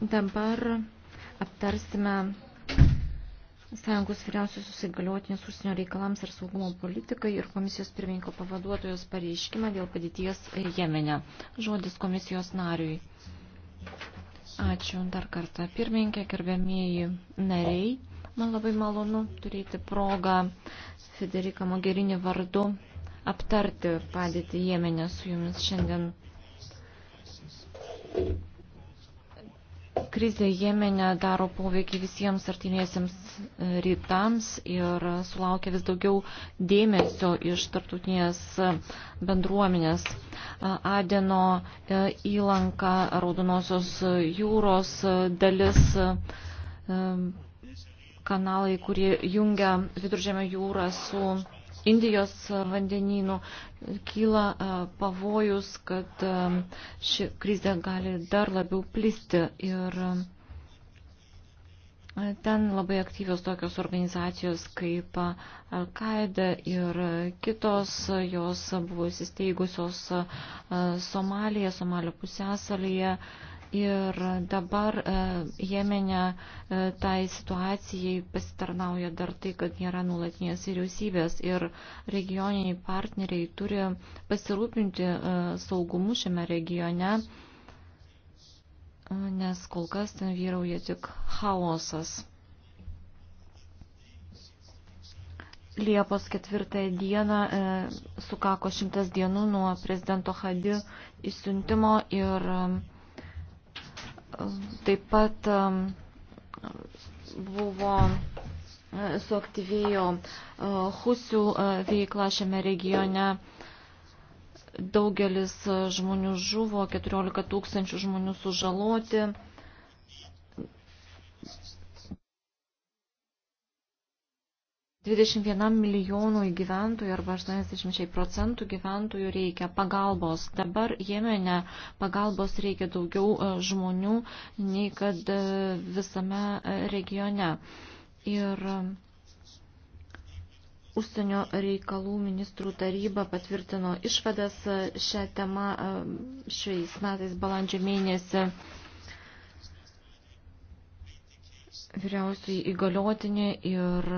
Dabar aptarsime Sąjungos vyriausiosios įgaliotinės užsienio reikalams ir saugumo politikai ir komisijos pirmininko pavaduotojos pareiškimą dėl padėties Jemene. Žodis komisijos nariui. Ačiū dar kartą pirmininkė, gerbėmieji nariai. Man labai malonu turėti progą Federiką Mogerinį vardu aptarti padėtį Jemenę su jumis šiandien krizė Jemenė daro poveikį visiems artimiesiems e, rytams ir sulaukia vis daugiau dėmesio iš tartutinės e, bendruomenės. Adeno e, įlanka, Raudonosios jūros dalis, kanalai, kurie jungia Viduržėmio jūrą su Indijos vandenynų, kyla e, pavojus, kad e, ši krizė gali dar labiau plisti ir e, ten labai aktyvios tokios organizacijos kaip Al-Qaeda ir kitos, jos buvo įsisteigusios Somalija, Somalio pusėsalyje Ir dabar e, Jemenė e, tai situacijai pasitarnauja dar tai, kad nėra nulatinės vyriausybės ir regioniniai partneriai turi pasirūpinti e, saugumu šiame regione, nes kol kas ten vyrauja tik chaosas. Liepos ketvirtąją dieną e, sukako šimtas dienų nuo prezidento Hadi įsiuntimo ir e, Taip pat um, buvo e, suaktyvėjo e, husių e, veikla šiame regione. Daugelis žmonių žuvo, 14 tūkstančių žmonių sužaloti. 21 milijonui gyventojų arba 80 procentų gyventojų reikia pagalbos. Dabar Jemene pagalbos reikia daugiau e, žmonių nei kad e, visame e, regione. Ir Užsienio reikalų ministrų taryba patvirtino išvadas šią temą šiais metais balandžio mėnesį. Vyriausiai įgaliotinė ir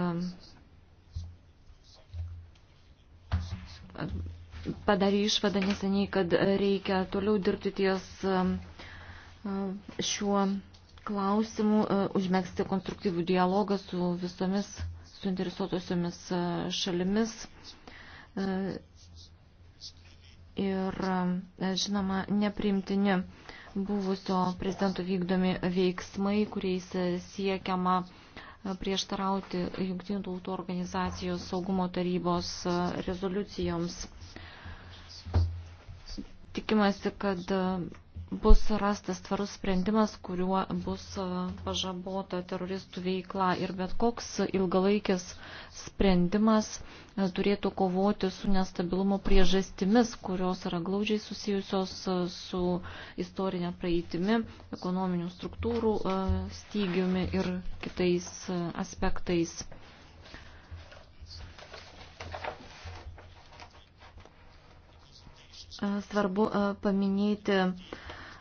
padarė išvadą neseniai, kad reikia toliau dirbti ties um, uh, šiuo klausimu, uh, užmėgsti konstruktyvų dialogą su visomis suinteresuotosiomis uh, šalimis. Ir, um, žinoma, nepriimtini buvusio prezidento vykdomi veiksmai, kuriais siekiama prieštarauti Junktinių tautų organizacijos saugumo tarybos rezoliucijoms tikimasi, kad e, bus rastas tvarus sprendimas, kuriuo bus e, pažabota teroristų veikla ir bet koks ilgalaikis sprendimas e, turėtų kovoti su nestabilumo priežastimis, kurios yra glaudžiai susijusios su istorinė praeitimi, ekonominių struktūrų stygiumi ir kitais aspektais. svarbu paminėti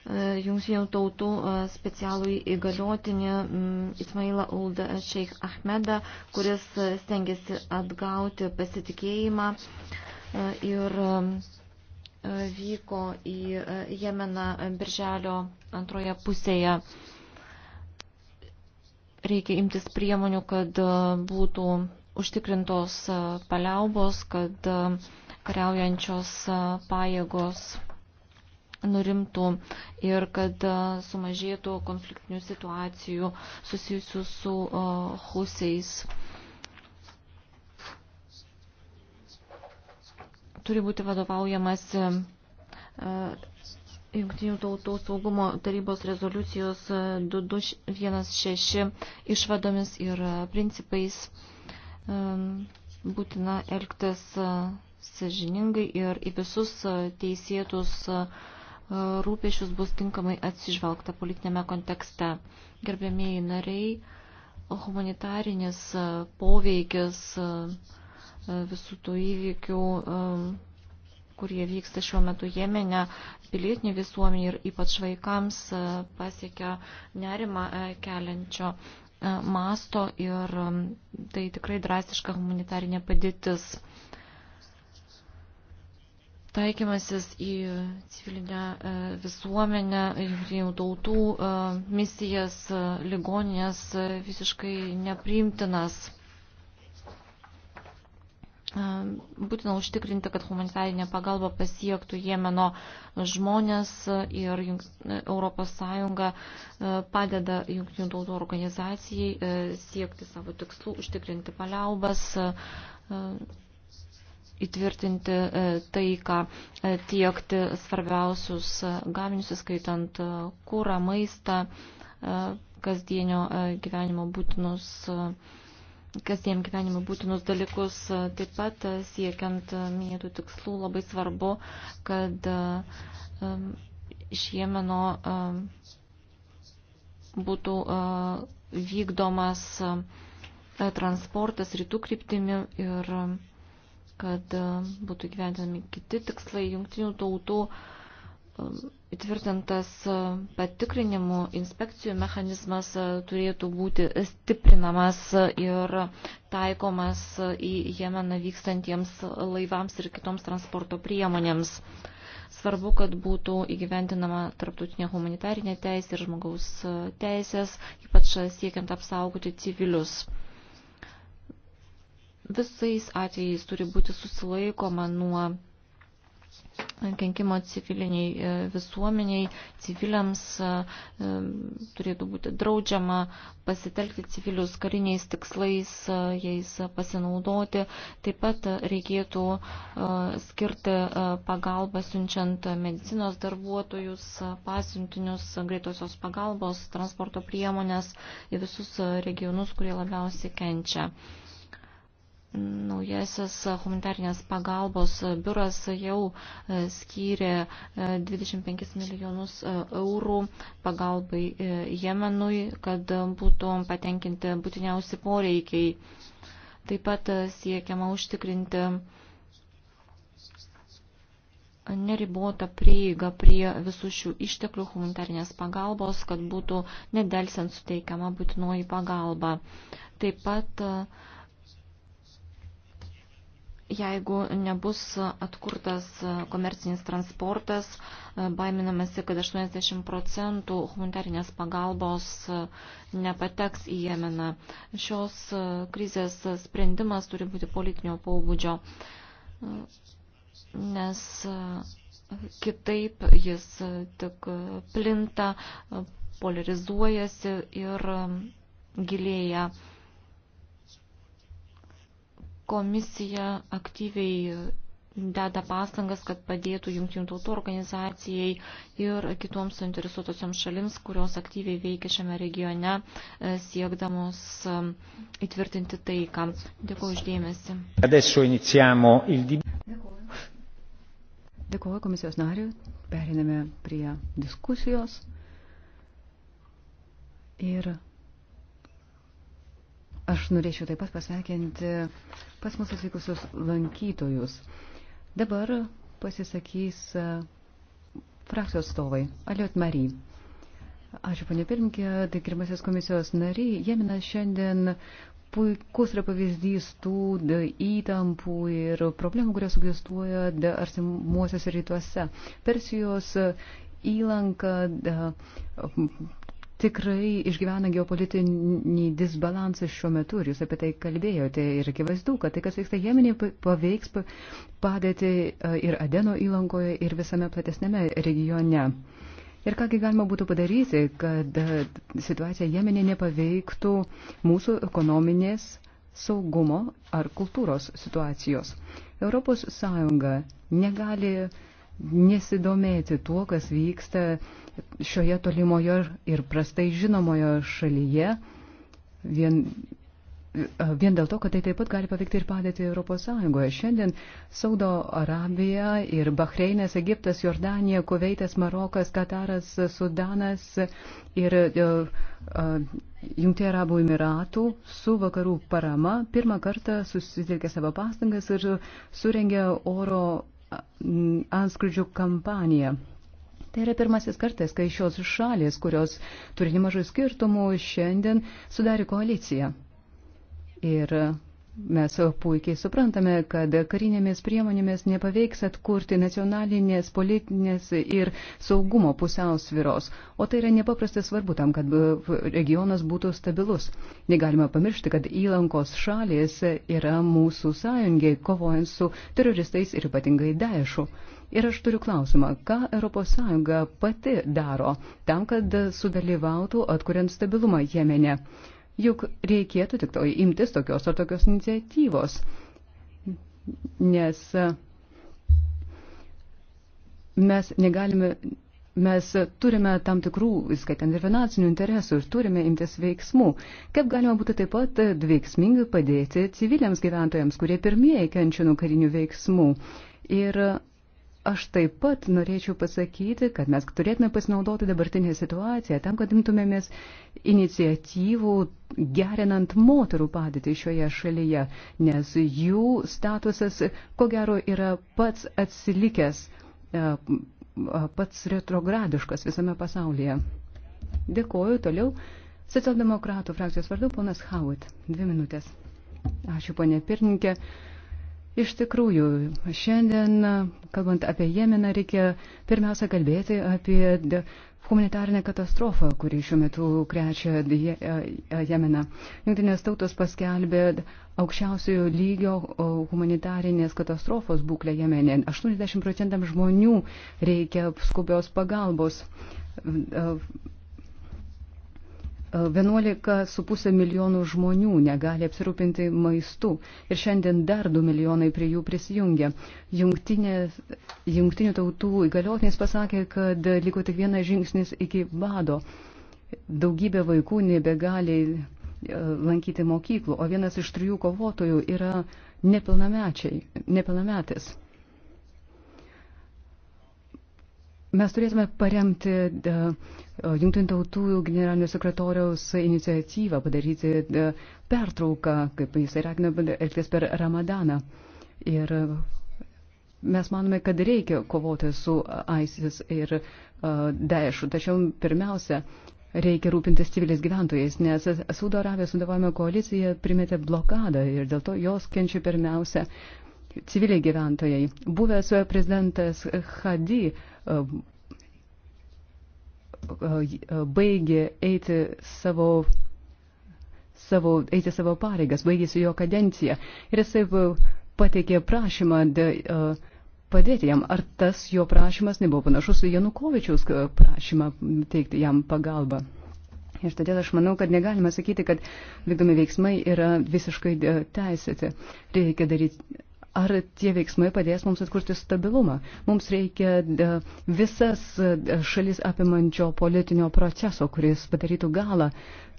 jungtinių tautų specialų įgaliotinį mm, Ismailą Uldą Šeik Ahmedą, kuris stengiasi atgauti pasitikėjimą ir vyko į Jemeną birželio antroje pusėje. Reikia imtis priemonių, kad būtų užtikrintos paliaubos, kad kariaujančios pajėgos nurimtų ir kad sumažėtų konfliktinių situacijų susijusių su husiais. Turi būti vadovaujamas Jungtinių tautų saugumo tarybos rezoliucijos 2216 išvadomis ir principais būtina elgtis sažiningai ir į visus e, teisėtus e, rūpešius bus tinkamai atsižvelgta politinėme kontekste. Gerbėmėjai nariai, humanitarinis e, poveikis visų tų įvykių, kurie vyksta šiuo metu Jemene, pilietinė visuomenė ir ypač vaikams pasiekia nerima keliančio masto ir tai tikrai drastiška humanitarinė padėtis taikymasis į civilinę e, visuomenę, jungtinių tautų e, misijas, e, ligoninės visiškai nepriimtinas. Būtina užtikrinti, kad humanitarinė pagalba pasiektų Jemeno žmonės ir Europos Sąjunga padeda jungtinių tautų organizacijai siekti savo tikslų, užtikrinti paliaubas įtvirtinti e, taiką, e, tiekti svarbiausius e, gaminius, įskaitant kūrą, maistą, kasdienio gyvenimo būtinus kasdien gyvenimo būtinus dalykus. Taip pat siekiant minėtų tikslų labai svarbu, kad iš Jemeno būtų vykdomas transportas rytų kryptimi ir kad e, būtų gyventinami kiti tikslai jungtinių tautų e, įtvirtintas e, patikrinimų inspekcijų mechanizmas turėtų būti stiprinamas ir taikomas į Jemeną vykstantiems laivams ir kitoms transporto priemonėms. Svarbu, kad būtų įgyventinama tarptautinė humanitarinė teisė ir žmogaus teisės, ypač siekiant apsaugoti civilius visais atvejais turi būti susilaikoma nuo kenkimo civiliniai e, visuomeniai, civiliams e, e, turėtų būti draudžiama pasitelkti civilius kariniais tikslais, jais pasinaudoti. Taip pat reikėtų skirti pagalbą siunčiant medicinos darbuotojus, pasiuntinius greitosios pagalbos, transporto priemonės į visus regionus, kurie labiausiai kenčia. Naujasis humanitarnės pagalbos biuras jau e, skyrė 25 e, milijonus e, eurų pagalbai Jemenui, kad būtų patenkinti būtiniausi poreikiai. Taip pat siekiama užtikrinti neribota prieiga prie visų šių išteklių humanitarnės pagalbos, kad būtų nedelsiant suteikiama būtinoji pagalba. Taip pat uh, Jeigu nebus atkurtas komercinis transportas, baiminamasi, kad 80 procentų humanitarinės pagalbos nepateks į Jemeną. Šios krizės sprendimas turi būti politinio pobūdžio, nes kitaip jis tik plinta, polarizuojasi ir gilėja Komisija aktyviai deda pastangas, kad padėtų Junktinių tautų organizacijai ir kitoms suinteresuotosioms šalims, kurios aktyviai veikia šiame regione, e, siekdamos e, įtvirtinti taiką. Dėkuoju uždėmesi. Dėkuoju komisijos nariu. Periname prie diskusijos. Ir Aš norėčiau taip pat pasveikinti pas mus atvykusius lankytojus. Dabar pasisakys e, frakcijos stovai. Aliot Mary. Ačiū, ponė pirmininkė, tai pirmasis komisijos nariai. Jemina šiandien puikus yra pavyzdys tų e, įtampų ir problemų, kurios egzistuoja e, artimuosiuose rytuose. Persijos įlanka tikrai išgyvena geopolitinį disbalansą šiuo metu ir jūs apie tai kalbėjote ir akivaizdu, kad tai, kas vyksta Jemenė, paveiks padėti e, ir Adeno įlankoje ir visame platesnėme regione. Ir kągi galima būtų padaryti, kad e, situacija Jemenė nepaveiktų mūsų ekonominės saugumo ar kultūros situacijos. Europos Sąjunga negali nesidomėti tuo, kas vyksta šioje tolimojo ir prastai žinomojo šalyje, vien, vien dėl to, kad tai taip pat gali paveikti ir padėti Europos Sąjungoje. Šiandien Saudo Arabija ir Bahreinės, Egiptas, Jordanija, Kuveitas, Marokas, Kataras, Sudanas ir uh, uh, Jungtinių Arabų Emiratų su vakarų parama pirmą kartą susitelkė savo pastangas ir surengė oro antskridžių kampaniją. Tai yra pirmasis kartas, kai šios šalis, kurios turi nemažai skirtumų, šiandien sudarė koaliciją. Ir Mes puikiai suprantame, kad karinėmis priemonėmis nepaveiks atkurti nacionalinės, politinės ir saugumo pusiausviros, o tai yra nepaprastai svarbu tam, kad regionas būtų stabilus. Negalima pamiršti, kad įlankos šalės yra mūsų sąjungiai, kovojant su teroristais ir ypatingai Daešu. Ir aš turiu klausimą, ką ES pati daro tam, kad sudalyvautų atkuriant stabilumą Jemene. Juk reikėtų tik to imtis tokios ar tokios iniciatyvos, nes e, mes negalime, mes turime tam tikrų, skaitant ir finansinių interesų, ir turime imtis veiksmų. Kaip galima būtų taip pat veiksmingai padėti civiliams gyventojams, kurie pirmieji kenčia nuo karinių veiksmų. Ir Aš taip pat norėčiau pasakyti, kad mes turėtume pasinaudoti dabartinę situaciją tam, kad imtumėmės iniciatyvų gerinant moterų padėtį šioje šalyje, nes jų statusas, ko gero, yra pats atsilikęs, e, pats retrogradiškas visame pasaulyje. Dėkoju toliau. Socialdemokratų frakcijos vardu ponas Howitt. Dvi minutės. Ačiū, ponė pirmininkė. Iš tikrųjų, šiandien, kalbant apie Jemeną, reikia pirmiausia kalbėti apie humanitarinę katastrofą, kuri šiuo metu krečia e, e, Jemeną. Junktinės tautos paskelbė aukščiausiojo lygio humanitarinės katastrofos būklę Jemenė. 80 procentams žmonių reikia skubios pagalbos. E, 11,5 milijonų žmonių negali apsirūpinti maistu ir šiandien dar 2 milijonai prie jų prisijungia. Jungtinė, jungtinių tautų įgaliotinis pasakė, kad liko tik vienas žingsnis iki bado. Daugybė vaikų nebegali e, lankyti mokyklų, o vienas iš trijų kovotojų yra nepilnamečiai, nepilnametis. Mes turėtume paremti Junktinių tautų generalinio sekretoriaus iniciatyvą padaryti pertrauką, kaip jisai ragino elgtis per Ramadaną. Ir mes manome, kad reikia kovoti su ISIS ir Daešu, tačiau pirmiausia, reikia rūpintis civiliais gyventojais, nes Saudo Arabijos sudavojama koalicija primetė blokadą ir dėl to jos kenčia pirmiausia civiliai gyventojai. Buvęs prezidentas Hadi e, e, baigė eiti savo savo, eiti savo pareigas, baigėsi jo kadencija ir jisai e, pateikė prašymą de, uh, padėti jam. Ar tas jo prašymas nebuvo panašus į Janukovičiaus prašymą teikti jam pagalbą? Ir todėl aš manau, kad negalima sakyti, kad vykdomi veiksmai yra visiškai teisėti. Reikia daryti ar tie veiksmai padės mums atkurti stabilumą. Mums reikia e, visas e, šalis apimančio politinio proceso, kuris padarytų galą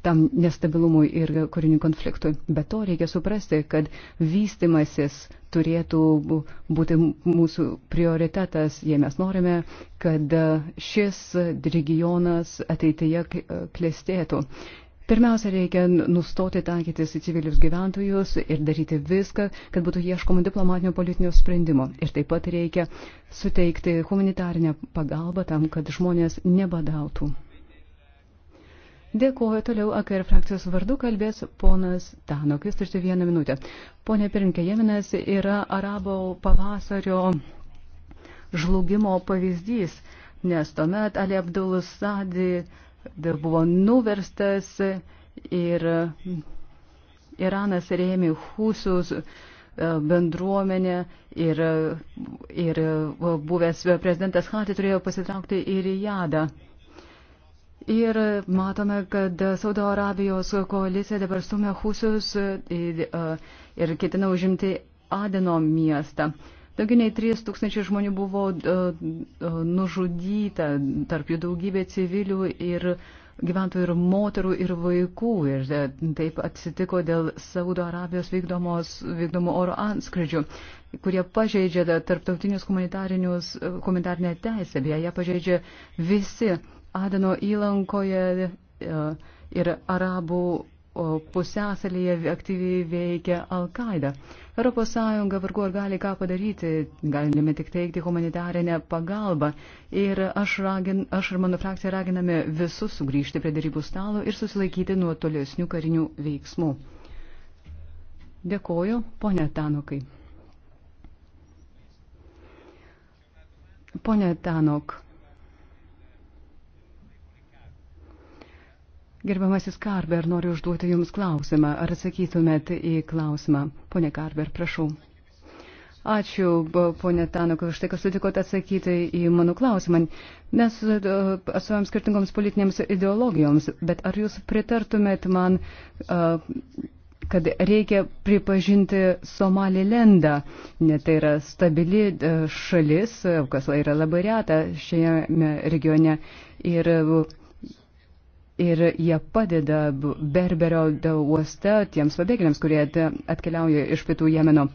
tam nestabilumui ir karinių konfliktui. Be to reikia suprasti, kad vystimasis turėtų būti mūsų prioritetas, jei mes norime, kad e, šis regionas ateityje klestėtų. Pirmiausia, reikia nustoti taikytis į civilius gyventojus ir daryti viską, kad būtų ieškoma diplomatinio politinio sprendimo. Ir taip pat reikia suteikti humanitarinę pagalbą tam, kad žmonės nebadautų. Dėkuoju toliau AKR frakcijos vardu kalbės ponas Tanokis, turite vieną minutę. Pone Pirinkė, Jemenas yra arabo pavasario žlugimo pavyzdys, nes tuomet Ali Abdulus Sadi buvo nuverstas ir Iranas rėmė Husus e, bendruomenę ir, ir e, buvęs prezidentas Hati turėjo pasitraukti į Rijadą. Ir matome, kad Saudo Arabijos koalicija dabar stumia Husius ir, e, ir ketina užimti Adeno miestą. Daugiau nei 3 tūkstančiai žmonių buvo e, e, nužudyta, tarp jų daugybė civilių ir gyventojų ir moterų ir vaikų. Ir e, taip atsitiko dėl Saudo Arabijos vykdomų oro antskridžių, kurie pažeidžia tarptautinius humanitarinę teisę, beje, ją pažeidžia visi Adeno įlankoje ir arabų pusęsalyje aktyviai veikia Al-Qaeda. ES vargu ar gali ką padaryti, galime tik teikti humanitarinę pagalbą. Ir aš, ragin, aš ir mano frakcija raginame visus sugrįžti prie darybų stalo ir susilaikyti nuo tolesnių karinių veiksmų. Dėkoju, ponė Tanokai. Pone Tanok. Gerbamasis Karber, noriu užduoti Jums klausimą. Ar atsakytumėt į klausimą? Pone Karber, prašau. Ačiū, ponė Tanuk, už tai, kad sutikote atsakyti į mano klausimą. Mes e, atsuojam skirtingoms politinėms ideologijoms, bet ar Jūs pritartumėt man, e, kad reikia pripažinti Somalilendą, net tai yra stabili šalis, kas yra labai reta šiame regione. Ir ir jie padeda Berberio uoste tiems pabėgėliams, kurie atkeliauja iš pietų Jemeno.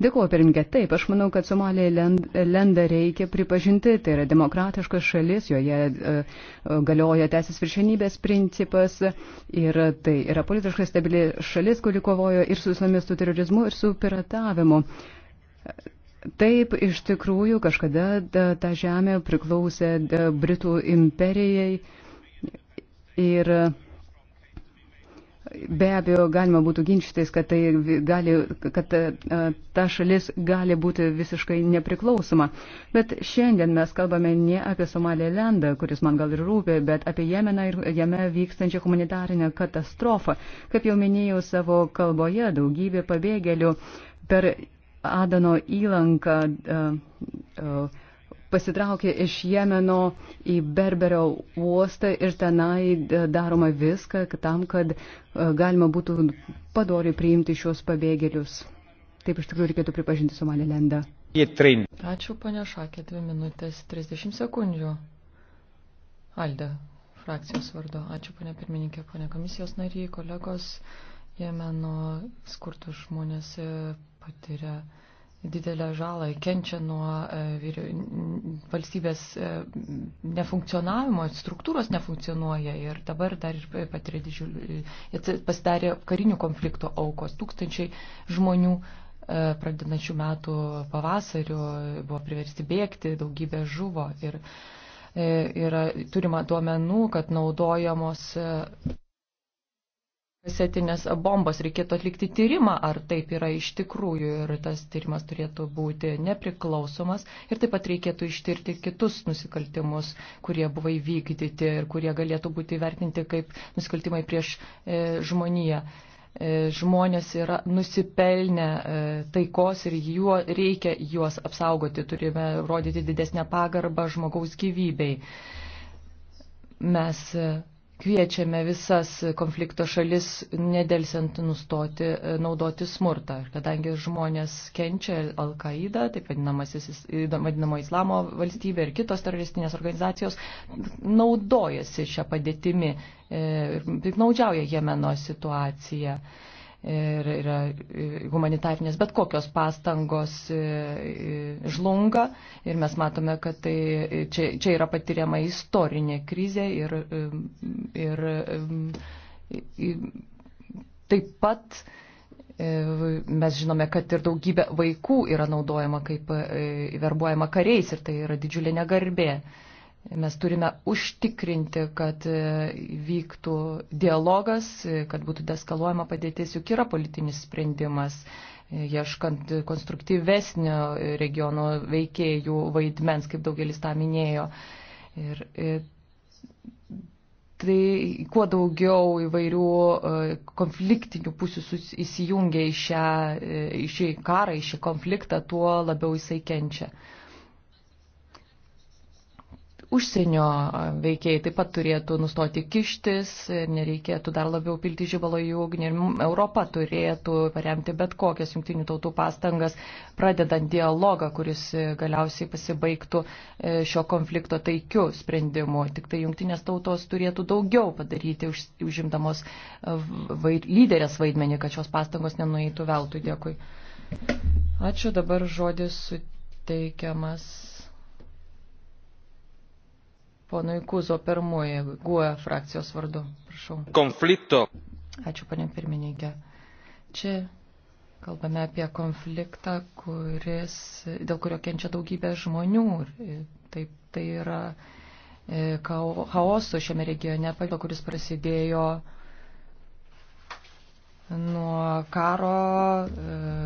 Dėkuoju, pirmininkė. Taip, aš manau, kad Somalija lenda reikia pripažinti, tai yra demokratiška šalis, joje e, e, galioja teisės viršenybės principas ir tai yra politiškai stabili šalis, kuri kovojo ir su islamistų terorizmu, ir su piratavimu. Taip, iš tikrųjų, kažkada ta žemė priklausė Britų imperijai. Ir e, be abejo, galima būtų ginčytis, kad, tai gali, kad e, ta šalis gali būti visiškai nepriklausoma. Bet šiandien mes kalbame ne apie Somalilendą, kuris man gal ir rūpė, bet apie Jemeną ir jame vykstančią humanitarinę katastrofą. Kaip jau minėjau savo kalboje, daugybė pabėgėlių per Adano įlanką. Uh, uh, pasitraukė iš Jemeno į Berberio uostą ir tenai daroma viską tam, kad e, galima būtų padoriai priimti šios pabėgėlius. Taip iš tikrųjų reikėtų pripažinti Somalilendą. Ačiū, ponia Šakė, 2 minutės 30 sekundžių. Alde, frakcijos vardu. Ačiū, ponia pirmininkė, ponia komisijos nariai, kolegos. Jemeno skurtų žmonės e, patiria didelę žalą, kenčia nuo e, valstybės e, nefunkcionavimo, struktūros nefunkcionuoja ir dabar dar ir patiria didžiulį, e, pasidarė karinių konfliktų aukos, tūkstančiai žmonių pradedančių metų pavasariu buvo priversti bėgti, daugybė žuvo ir yra turima duomenų, kad naudojamos kasetinės bombos, reikėtų atlikti tyrimą, ar taip yra iš tikrųjų ir tas tyrimas turėtų būti nepriklausomas ir taip pat reikėtų ištirti kitus nusikaltimus, kurie buvo įvykdyti ir kurie galėtų būti įvertinti kaip nusikaltimai prieš e, žmoniją. E, žmonės yra nusipelnę e, taikos ir juo, reikia juos apsaugoti, turime rodyti didesnę pagarbą žmogaus gyvybei. Mes e, Kviečiame visas konflikto šalis nedelsiant nustoti e, naudoti smurtą, kadangi žmonės kenčia Al-Qaeda, taip vadinamo Islamo valstybė ir kitos teroristinės organizacijos naudojasi šią padėtimi e, ir piknaudžiauja Jemeno situaciją ir yra e, humanitarnės bet kokios pastangos e, e, žlunga ir mes matome, kad tai, čia, čia yra patiriama istorinė krizė ir, ir, ir taip pat Mes žinome, kad ir daugybė vaikų yra naudojama kaip verbuojama kariais ir tai yra didžiulė negarbė. Mes turime užtikrinti, kad e, vyktų dialogas, e, kad būtų deskaluojama padėtis, juk yra politinis sprendimas, e, ieškant konstruktyvesnio regiono veikėjų vaidmens, kaip daugelis tą minėjo. Ir tai kuo daugiau įvairių konfliktinių pusių įsijungia į, šią, į šį karą, į šį konfliktą, tuo labiau jisai kenčia užsienio veikėjai taip pat turėtų nustoti kištis, nereikėtų dar labiau pilti žibalo į ugnį. Europa turėtų paremti bet kokias jungtinių tautų pastangas, pradedant dialogą, kuris galiausiai pasibaigtų e, šio konflikto taikiu sprendimu. Tik tai jungtinės tautos turėtų daugiau padaryti, užimdamos e, vaid, lyderės vaidmenį, kad šios pastangos nenueitų veltui. Dėkui. Ačiū, dabar žodis suteikiamas ponui Kuzo pirmuoji GUE frakcijos vardu. Prašau. Konflikto. Ačiū, panė pirmininkė. Čia kalbame apie konfliktą, kuris, dėl kurio kenčia daugybė žmonių. E, taip, tai yra e, chaoso šiame regione, kuris prasidėjo nuo karo e,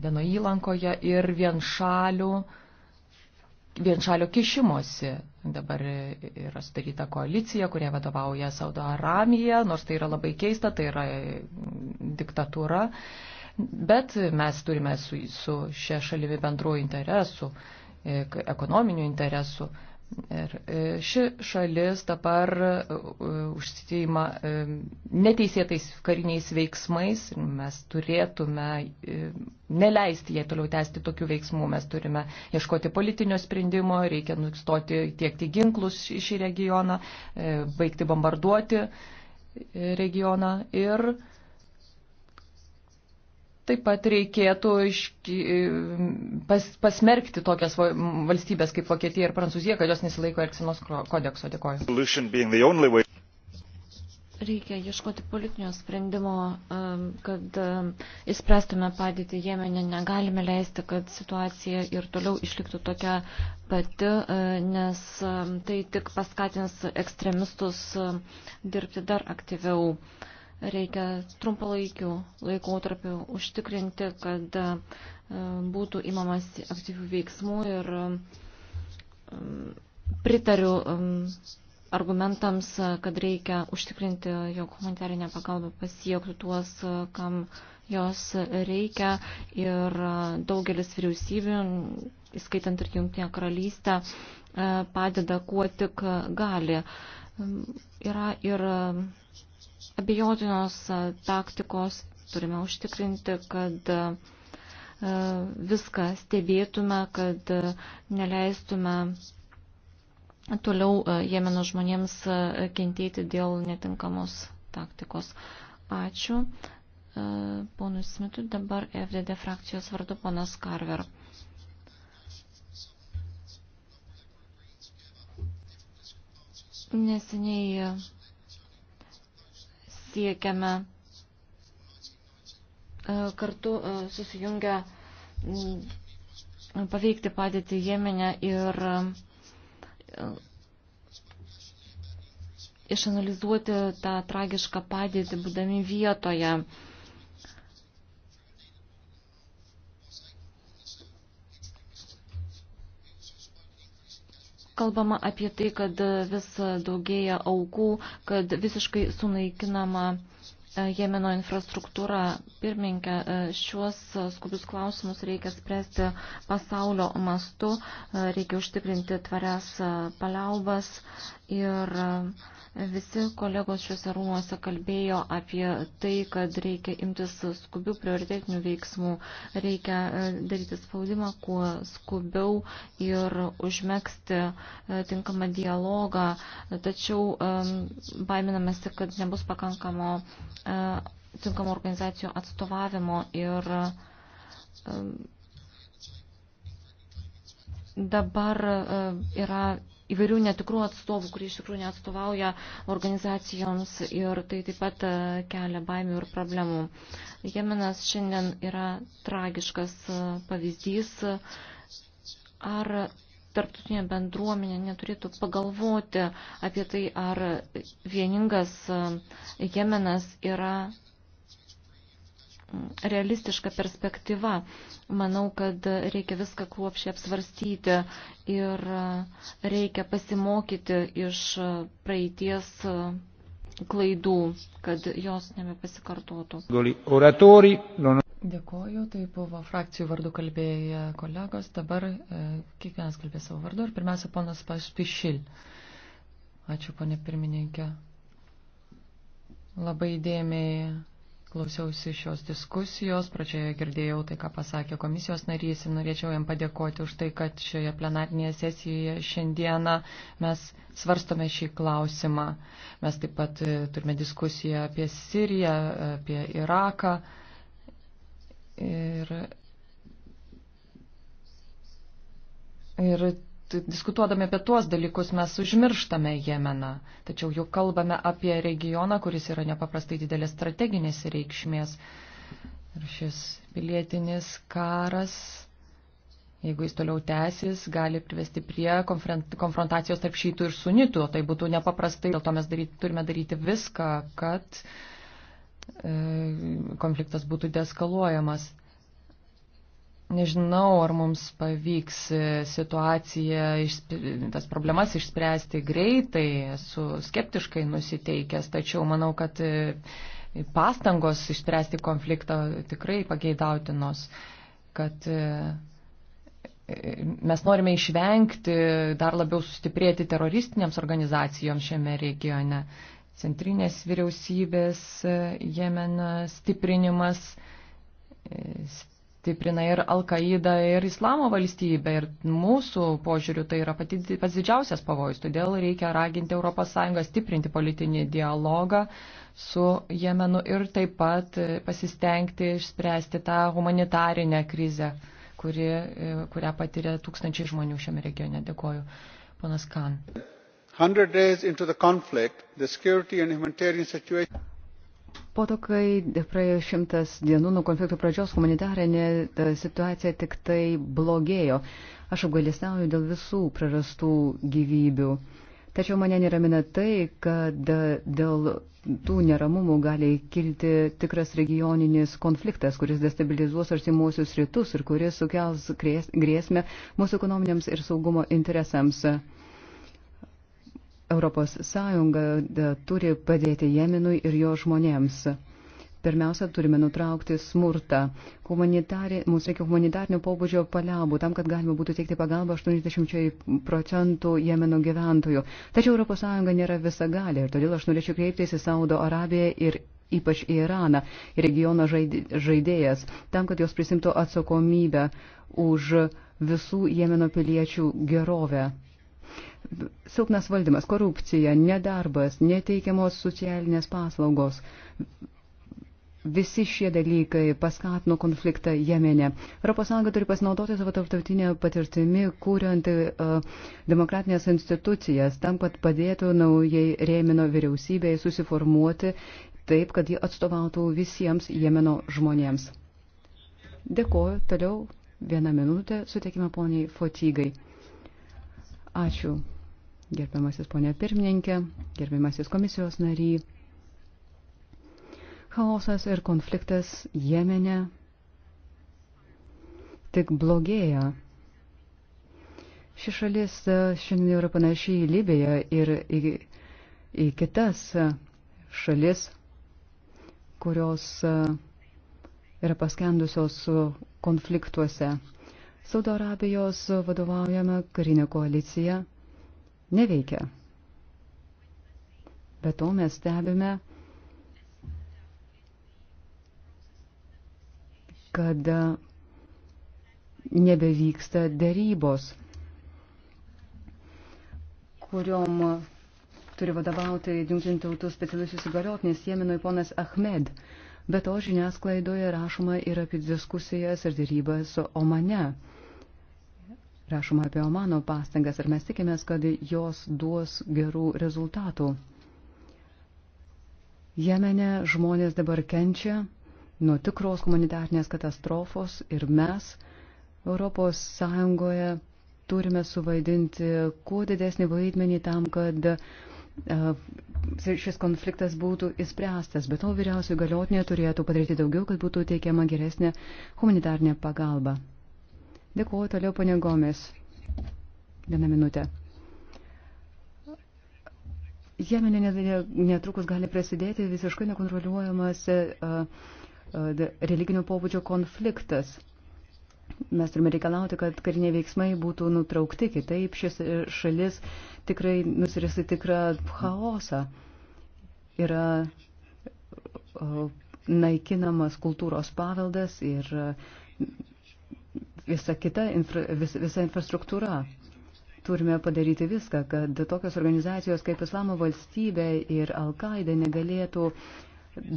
Deno įlankoje ir vienšalių vienšalio kišimosi. Dabar yra sudaryta koalicija, kurie vadovauja Saudo Aramija, nors tai yra labai keista, tai yra mm, diktatūra. Bet mes turime su, su šia šalimi bendrų interesų, e, ekonominių interesų. Ir e, ši šalis dabar e, e, užsijima neteisėtais kariniais veiksmais. Mes turėtume neleisti jai toliau tęsti tokių veiksmų. Mes turime ieškoti politinio sprendimo, reikia nustoti tiekti ginklus į šį regioną, baigti bombarduoti regioną ir Taip pat reikėtų iški, pas, pasmerkti tokias valstybės kaip Vokietija ir Prancūzija, kad jos nesilaiko Elksinos kodekso. Dėkoju. Reikia ieškoti politinio sprendimo, um, kad įspręstume um, padėtį Jemenė. Negalime leisti, kad situacija ir toliau išliktų tokia pati, uh, nes um, tai tik paskatins ekstremistus dirbti dar aktyviau reikia trumpalaikių laikotarpių užtikrinti, kad e, būtų įmamas aktyvių veiksmų ir e, pritariu e, argumentams, kad reikia užtikrinti, jog humanitarinė pagalba pasiektų tuos, kam jos reikia ir daugelis vyriausybių, įskaitant ir Junktinę karalystę, padeda kuo tik gali. Yra ir abejotinos e, taktikos, turime užtikrinti, kad e, viską stebėtume, kad e, neleistume toliau Jemeno žmonėms kentėti dėl netinkamos taktikos. Ačiū. Ponui Smitui dabar FDD frakcijos vardu ponas Karver. Neseniai siekiame e, kartu e, susijungę paveikti padėtį Jemenę ir e, išanalizuoti tą tragišką padėtį, būdami vietoje. Kalbama apie tai, kad vis daugėja aukų, kad visiškai sunaikinama e, Jemeno infrastruktūra. Pirminkė, e, šiuos skubius klausimus reikia spręsti pasaulio mastu, e, reikia užtikrinti tvarias paliaubas Ir e, visi kolegos šiuose rūmuose kalbėjo apie tai, kad reikia imtis skubių prioritetinių veiksmų, reikia e, daryti spaudimą kuo skubiau ir užmėgsti e, tinkamą dialogą, tačiau baiminamasi, kad nebus pakankamo tinkamo organizacijų atstovavimo ir dabar yra įvairių netikrų atstovų, kurie iš tikrųjų neatstovauja organizacijoms ir tai taip pat e, kelia baimių ir problemų. Jemenas šiandien yra tragiškas e, pavyzdys. Ar tarptautinė bendruomenė neturėtų pagalvoti apie tai, ar vieningas e, Jemenas yra realistiška perspektyva. Manau, kad reikia viską kruopšiai apsvarstyti ir reikia pasimokyti iš praeities klaidų, kad jos nebepasikartotų. Dėkoju, tai buvo frakcijų vardų kalbėję kolegos, dabar e, kiekvienas kalbė savo vardu ir pirmiausia ponas Pašpišil. Ačiū, ponė pirmininkė. Labai dėmiai Klausiausi šios diskusijos, pradžioje girdėjau tai, ką pasakė komisijos narys ir norėčiau jam padėkoti už tai, kad šioje plenarnėje sesijoje šiandieną mes svarstome šį klausimą. Mes taip pat e, turime diskusiją apie Siriją, apie Iraką. Ir, ir diskutuodami apie tuos dalykus mes užmirštame Jemeną, tačiau jau kalbame apie regioną, kuris yra nepaprastai didelės strateginės reikšmės. Ir šis pilietinis karas, jeigu jis toliau tęsis, gali privesti prie konfrontacijos tarp šytų ir sunitų, tai būtų nepaprastai, dėl to mes daryti, turime daryti viską, kad e, konfliktas būtų deskaluojamas. Nežinau, ar mums pavyks e, situaciją, tas problemas išspręsti greitai, esu skeptiškai nusiteikęs, tačiau manau, kad e, pastangos išspręsti konfliktą tikrai pageidautinos, kad e, mes norime išvengti dar labiau sustiprėti teroristinėms organizacijoms šiame regione. Centrinės vyriausybės Jemeną stiprinimas, stiprina ir Al-Qaida, ir Islamo valstybė. Ir mūsų požiūriu tai yra pati, pats didžiausias pavojus. Todėl reikia raginti ES stiprinti politinį dialogą su Jemenu ir taip pat e, pasistengti išspręsti tą humanitarinę krizę, kuri, e, kurią patiria tūkstančiai žmonių šiame regione. Dėkoju. Ponas Kan. 100 days into the conflict, the security and humanitarian situation. Po to, kai praėjo šimtas dienų nuo konflikto pradžios, humanitarinė e, situacija tik tai blogėjo. Aš apgalėsnauju dėl visų prarastų gyvybių. Tačiau mane neramina tai, kad e, dėl tų neramumų gali kilti tikras regioninis konfliktas, kuris destabilizuos artimuosius rytus ir kuris sukels grėsmę mūsų ekonominiams ir saugumo interesams. Europos Sąjunga da, e, turi padėti Jemenui ir jo žmonėms. Pirmiausia, turime nutraukti smurtą. Humanitari, mums reikia humanitarnio pobūdžio paliaubų tam, kad galima būtų teikti pagalbą 80 procentų Jemeno gyventojų. Tačiau ES nėra visagalė ir todėl aš norėčiau kreiptis į Saudo Arabiją ir ypač į Iraną, regiono žaidėjas, tam, kad jos prisimtų atsakomybę už visų Jemeno piliečių gerovę. Silpnas valdymas, korupcija, nedarbas, neteikiamos socialinės paslaugos. Visi šie dalykai paskatino konfliktą Jemenė. ES turi pasinaudoti savo tarptautinę patirtimi, kuriant uh, demokratinės institucijas, tam, kad padėtų naujai Rėmino vyriausybei susiformuoti taip, kad ji atstovautų visiems Jemeno žmonėms. Dėkoju. Toliau vieną minutę suteikime poniai Fotygai. Ačiū, gerbiamasis ponė pirmininkė, gerbiamasis komisijos nary. Chaosas ir konfliktas Jemene tik blogėja. Ši šalis šiandien yra panašiai į Libiją ir į, į kitas šalis, kurios yra paskendusios konfliktuose. Saudo Arabijos vadovaujama karinė koalicija neveikia. Be to mes stebime, kad nebevyksta dėrybos, kuriom turi vadovauti Junktinių tautų specialusis įgaliotinis Jemenui ponas Ahmed. Be to žiniasklaidoje rašoma ir apie diskusijas ir dėrybas Omane. Rašoma apie Omano pastangas ir mes tikimės, kad jos duos gerų rezultatų. Jemene žmonės dabar kenčia nuo tikros humanitarnės katastrofos ir mes Europos Sąjungoje turime suvaidinti kuo didesnį vaidmenį tam, kad šis konfliktas būtų įspręstas, bet to vyriausių galiotinė turėtų padaryti daugiau, kad būtų teikiama geresnė humanitarnė pagalba. Dėkuoju toliau ponė Gomis. Vieną minutę. Jemenė netrukus gali prasidėti visiškai nekontroliuojamas e, e, religinio pobūdžio konfliktas. Mes turime reikalauti, kad kariniai veiksmai būtų nutraukti, kitaip šis e, šalis tikrai nusirisi tikrą chaosą. Yra naikinamas kultūros paveldas ir visa kita, infra, vis, visa infrastruktūra. Turime padaryti viską, kad tokios organizacijos kaip Islamo valstybė ir Al-Qaeda negalėtų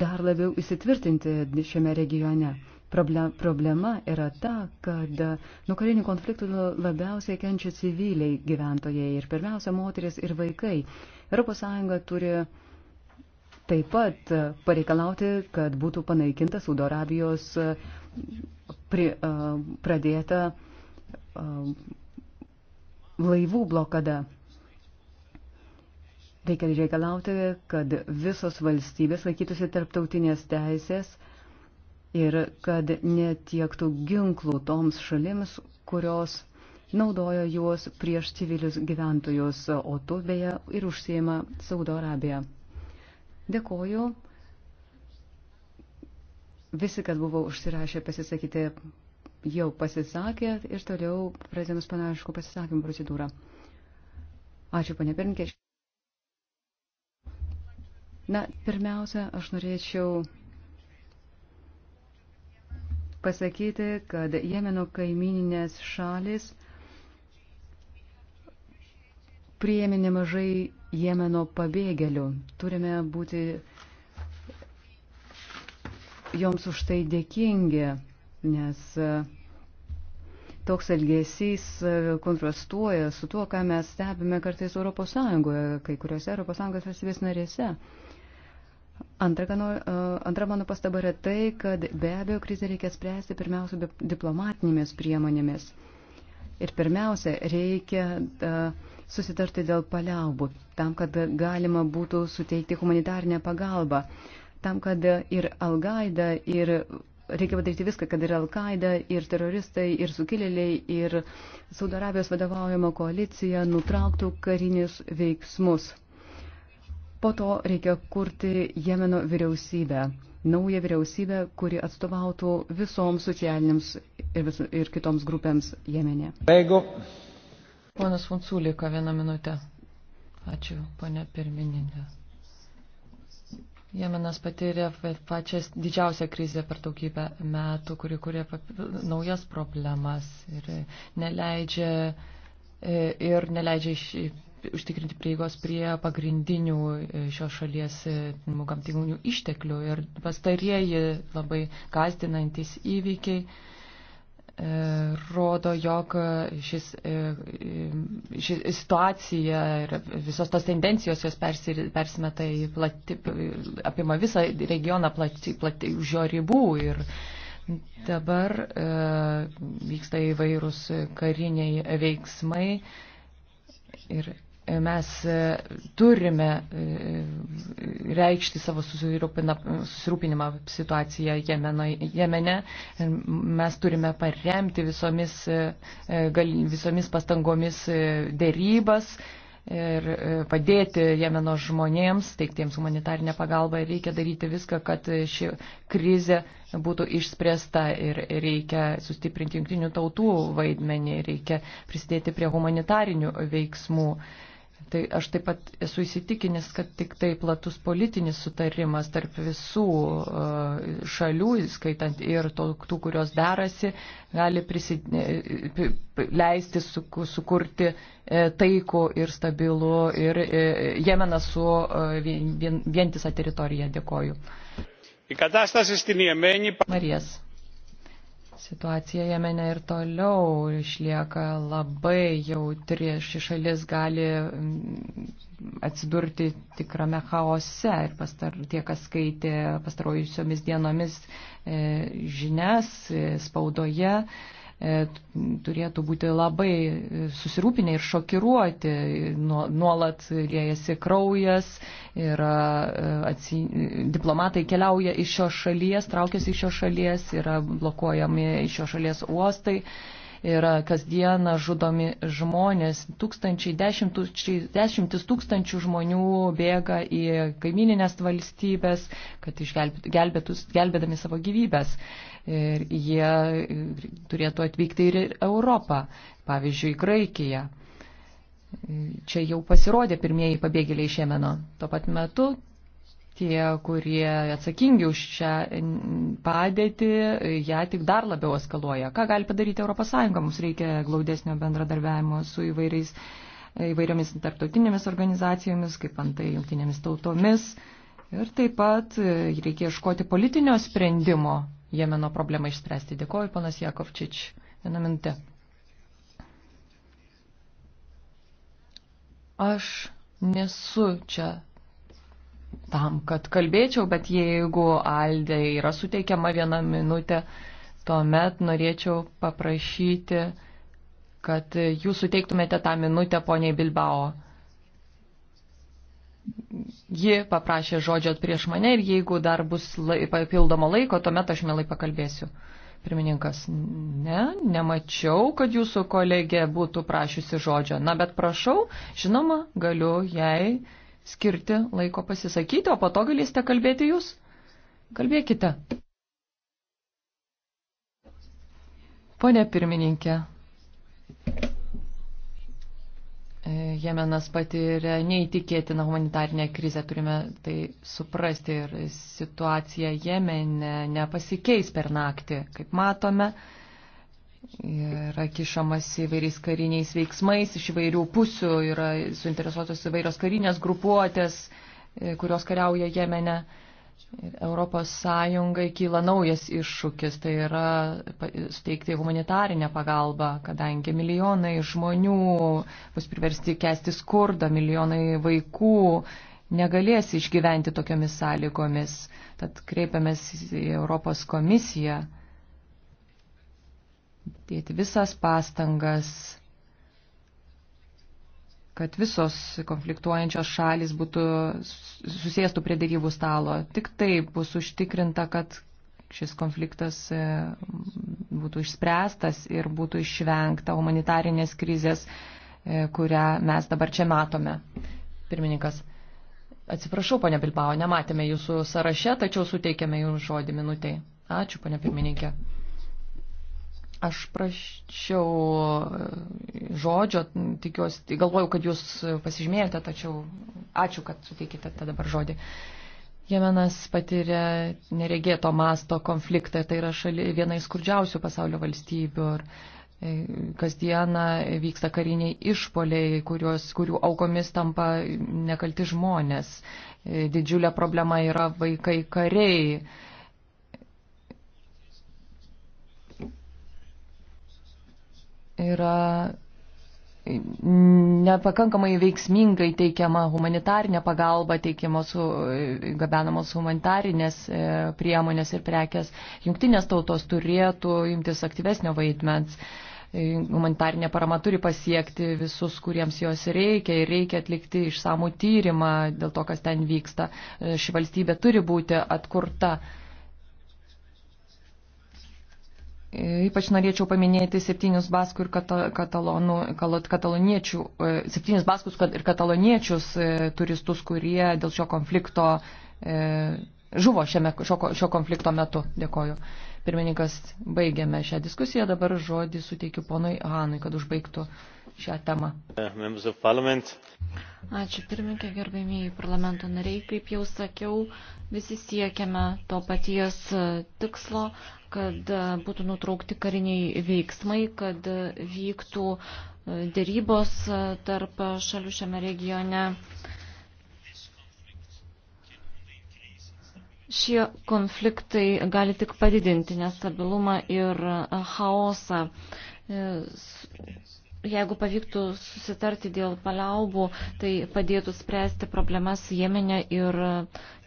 dar labiau įsitvirtinti šiame regione. Problema yra ta, kad nuo karinių konfliktų labiausiai kenčia civiliai gyventojai ir pirmiausia moteris ir vaikai. ES turi taip pat pareikalauti, kad būtų panaikinta Saudo Arabijos pri, uh, pradėta uh, laivų blokada. Reikia reikalauti, kad visos valstybės laikytųsi tarptautinės teisės ir kad netiektų ginklų toms šalims, kurios naudoja juos prieš civilius gyventojus, o tu beje ir užsieima Saudo Arabija. Dėkoju. Visi, kas buvo užsirašę pasisakyti, jau pasisakė ir toliau pradėmus panašų pasisakymų procedūrą. Ačiū, ponė Pirinkė. Na, pirmiausia, aš norėčiau pasakyti, kad Jemeno kaimininės šalis priėmė nemažai Jemeno pabėgėlių. Turime būti joms už tai dėkingi, nes e, toks elgesys e, kontrastuoja su tuo, ką mes stebime kartais ES, kai kuriuose ES valstybės narėse. Antra, kanu, e, antra mano pastaba yra tai, kad be abejo krizę reikia spręsti pirmiausia diplomatinėmis priemonėmis. Ir pirmiausia, reikia susitarti dėl paliaubų, tam, kad galima būtų suteikti humanitarnę pagalbą tam, kad ir Al-Qaeda, ir reikia padaryti viską, kad ir Al-Qaeda, ir teroristai, ir sukilėliai, ir Saudo Arabijos vadovaujama koalicija nutrauktų karinius veiksmus. Po to reikia kurti Jemeno vyriausybę, naują vyriausybę, kuri atstovautų visoms socialiniams ir, visu, ir kitoms grupėms Jemenė. Jeigu. Ponas Funsulika, vieną minutę. Ačiū, ponė pirmininkė. Jemenas patyrė pačią didžiausią krizę per daugybę metų, kuri kuria naujas problemas ir neleidžia, e, ir neleidžia iš, užtikrinti prieigos prie pagrindinių e, šios šalies e, gamtingų išteklių. Ir pastarieji labai gazdinantis įvykiai E, rodo, jog šis, e, ši situacija ir visos tos tendencijos jos persi, persimeta į plati, apima visą regioną plati, plati, už jo ribų ir dabar e, vyksta įvairūs kariniai veiksmai ir mes e, turime e, reikšti savo susirūpinimą situaciją Jemene. Mes turime paremti visomis, e, visomis pastangomis dėrybas ir padėti Jemeno žmonėms, teiktiems humanitarinę pagalbą ir reikia daryti viską, kad ši krizė būtų išspręsta ir reikia sustiprinti jungtinių tautų vaidmenį, reikia prisidėti prie humanitarinių veiksmų. Tai aš taip pat esu įsitikinęs, kad tik tai platus politinis sutarimas tarp visų e, šalių, skaitant ir to, tų, kurios derasi, gali prisid... E, leisti sukurti e, taikų ir stabilų ir Jemeną su vientisą teritoriją. Dėkoju. Marijas. Situacija Jemene ir toliau išlieka labai jautri. Ši šalis gali mm, atsidurti tikrame chaose ir pastar, tie, kas skaitė pastarojusiomis dienomis e, žinias e, spaudoje, e, E, turėtų būti labai susirūpinę ir šokiruoti. Nuolat liejasi kraujas ir e, atsi... diplomatai keliauja iš šios šalies, traukiasi iš šios šalies, yra blokuojami iš šios šalies uostai yra kasdieną žudomi žmonės, tūkstančiai, dešimtųčiai, dešimtis tūkstančių žmonių bėga į kaimininės valstybės, kad išgelbėtus, gelbėdami savo gyvybės. Ir jie turėtų atvykti ir į Europą, pavyzdžiui, Graikiją. Čia jau pasirodė pirmieji pabėgėliai iš Jemeno. Tuo pat metu tie, kurie atsakingi už šią padėtį, ją tik dar labiau eskaluoja. Ką gali padaryti ES? Mums reikia glaudesnio bendradarbiavimo su įvairiais, įvairiomis tarptautinėmis organizacijomis, kaip antai jungtinėmis tautomis. Ir taip pat reikia iškoti politinio sprendimo Jemeno problemą išspręsti. Dėkoju, panas Jakovčič. Vieną minutę. Aš nesu čia tam, kad kalbėčiau, bet jeigu Aldė yra suteikiama vieną minutę, tuomet norėčiau paprašyti, kad jūs suteiktumėte tą minutę poniai Bilbao. Ji paprašė žodžio prieš mane ir jeigu dar bus lai, papildomo laiko, tuomet aš mielai pakalbėsiu. Pirmininkas, ne, nemačiau, kad jūsų kolegė būtų prašiusi žodžio. Na, bet prašau, žinoma, galiu jai skirti laiko pasisakyti, o po to galėsite kalbėti jūs. Kalbėkite. Pone pirmininkė, Jemenas patiria neįtikėtiną humanitarinę krizę, turime tai suprasti ir situacija Jemene nepasikeis per naktį, kaip matome yra kišamas įvairiais kariniais veiksmais iš įvairių pusių, yra suinteresuotos įvairios karinės grupuotės, e, kurios kariauja Jemene. Ir Europos Sąjungai kyla naujas iššūkis, tai yra suteikti humanitarinę pagalbą, kadangi milijonai žmonių bus priversti kesti skurdą, milijonai vaikų negalės išgyventi tokiomis sąlygomis. Tad kreipiamės į Europos komisiją dėti visas pastangas, kad visos konfliktuojančios šalis būtų susėstų prie dėrybų stalo. Tik taip bus užtikrinta, kad šis konfliktas e, būtų išspręstas ir būtų išvengta humanitarinės krizės, e, kurią mes dabar čia matome. Pirmininkas. Atsiprašau, ponia Bilbao, nematėme jūsų sąraše, tačiau suteikėme jums žodį minutiai. Ačiū, ponia pirmininkė. Aš prašiau e, žodžio, tikiuosi, galvojau, kad jūs pasižymėjote, tačiau ačiū, kad suteikite tą dabar žodį. Jemenas patiria neregėto masto konfliktą, tai yra šali, viena iš skurdžiausių pasaulio valstybių. Ir e, kasdieną vyksta kariniai išpoliai, kurios, kurių aukomis tampa nekalti žmonės. E, didžiulė problema yra vaikai kariai yra nepakankamai veiksmingai teikiama humanitarinė pagalba, teikiamos gabenamos humanitarinės e, priemonės ir prekes. Jungtinės tautos turėtų imtis aktyvesnio vaidmens. E, humanitarinė parama turi pasiekti visus, kuriems jos reikia ir reikia atlikti išsamų tyrimą dėl to, kas ten vyksta. E, ši valstybė turi būti atkurta Ypač norėčiau paminėti septynius baskų ir katalonų, kataloniečių, e, septynis baskus ir kataloniečius e, turistus, kurie dėl šio konflikto e, žuvo šiame, šio, šio konflikto metu. Dėkoju. Pirmininkas, baigėme šią diskusiją, dabar žodį suteikiu ponui Hanui, kad užbaigtų šią temą. Ačiū pirmininkė, gerbėmėjai parlamento nariai. Kaip jau sakiau, visi siekiame to paties tikslo kad e, būtų nutraukti kariniai veiksmai, kad e, vyktų e, dėrybos tarp šalių šiame regione. Šie konfliktai gali tik padidinti nestabilumą ir chaosą. Jeigu pavyktų susitarti dėl paliaubų, tai padėtų spręsti problemas Jemene ir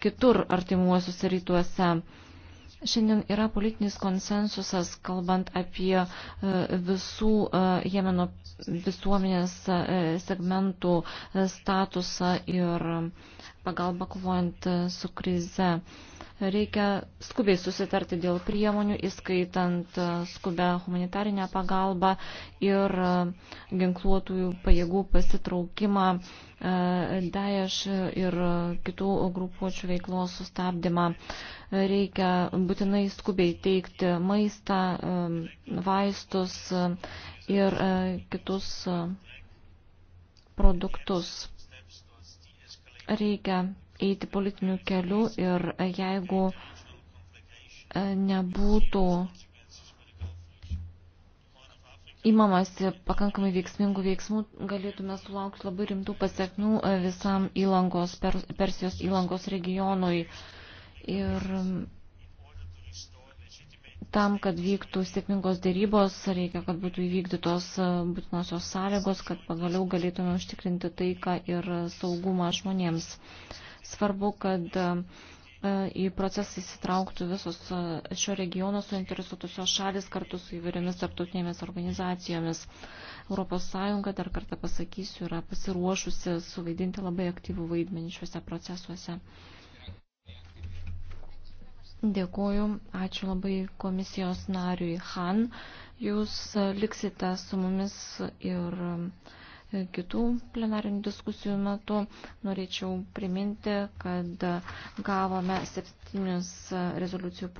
kitur artimuosiuose rytuose. Šiandien yra politinis konsensusas, kalbant apie e, visų e, Jemeno visuomenės e, segmentų statusą ir pagalbą kovojant su krize. Reikia skubiai susitarti dėl priemonių, įskaitant e, skubę humanitarinę pagalbą ir e, ginkluotųjų pajėgų pasitraukimą, e, Daesh ir kitų grupuočių veiklos sustabdymą. Reikia būtinai skubiai teikti maistą, vaistus ir kitus produktus. Reikia eiti politiniu keliu ir jeigu e, nebūtų įmamasi pakankamai veiksmingų veiksmų, galėtume sulaukti labai rimtų pasiekmių e, visam įlangos, Persijos įlangos regionui. Ir mm, tam, kad vyktų sėkmingos dėrybos, reikia, kad būtų įvykdytos e, būtinosios sąlygos, kad pagaliau galėtume užtikrinti taiką ir saugumą žmonėms. Svarbu, kad e, e, į procesą įsitrauktų visos e, šio regiono suinteresuotusios šalis kartu su įvairiomis tarptautinėmis organizacijomis. Europos Sąjunga, dar kartą pasakysiu, yra pasiruošusi suvaidinti labai aktyvų vaidmenį šiuose procesuose. Dėkuoju, ačiū labai komisijos nariui Han. Jūs liksite su mumis ir uh, kitų plenarinių diskusijų metu. Norėčiau priminti, kad gavome septynius rezoliucijų projektus.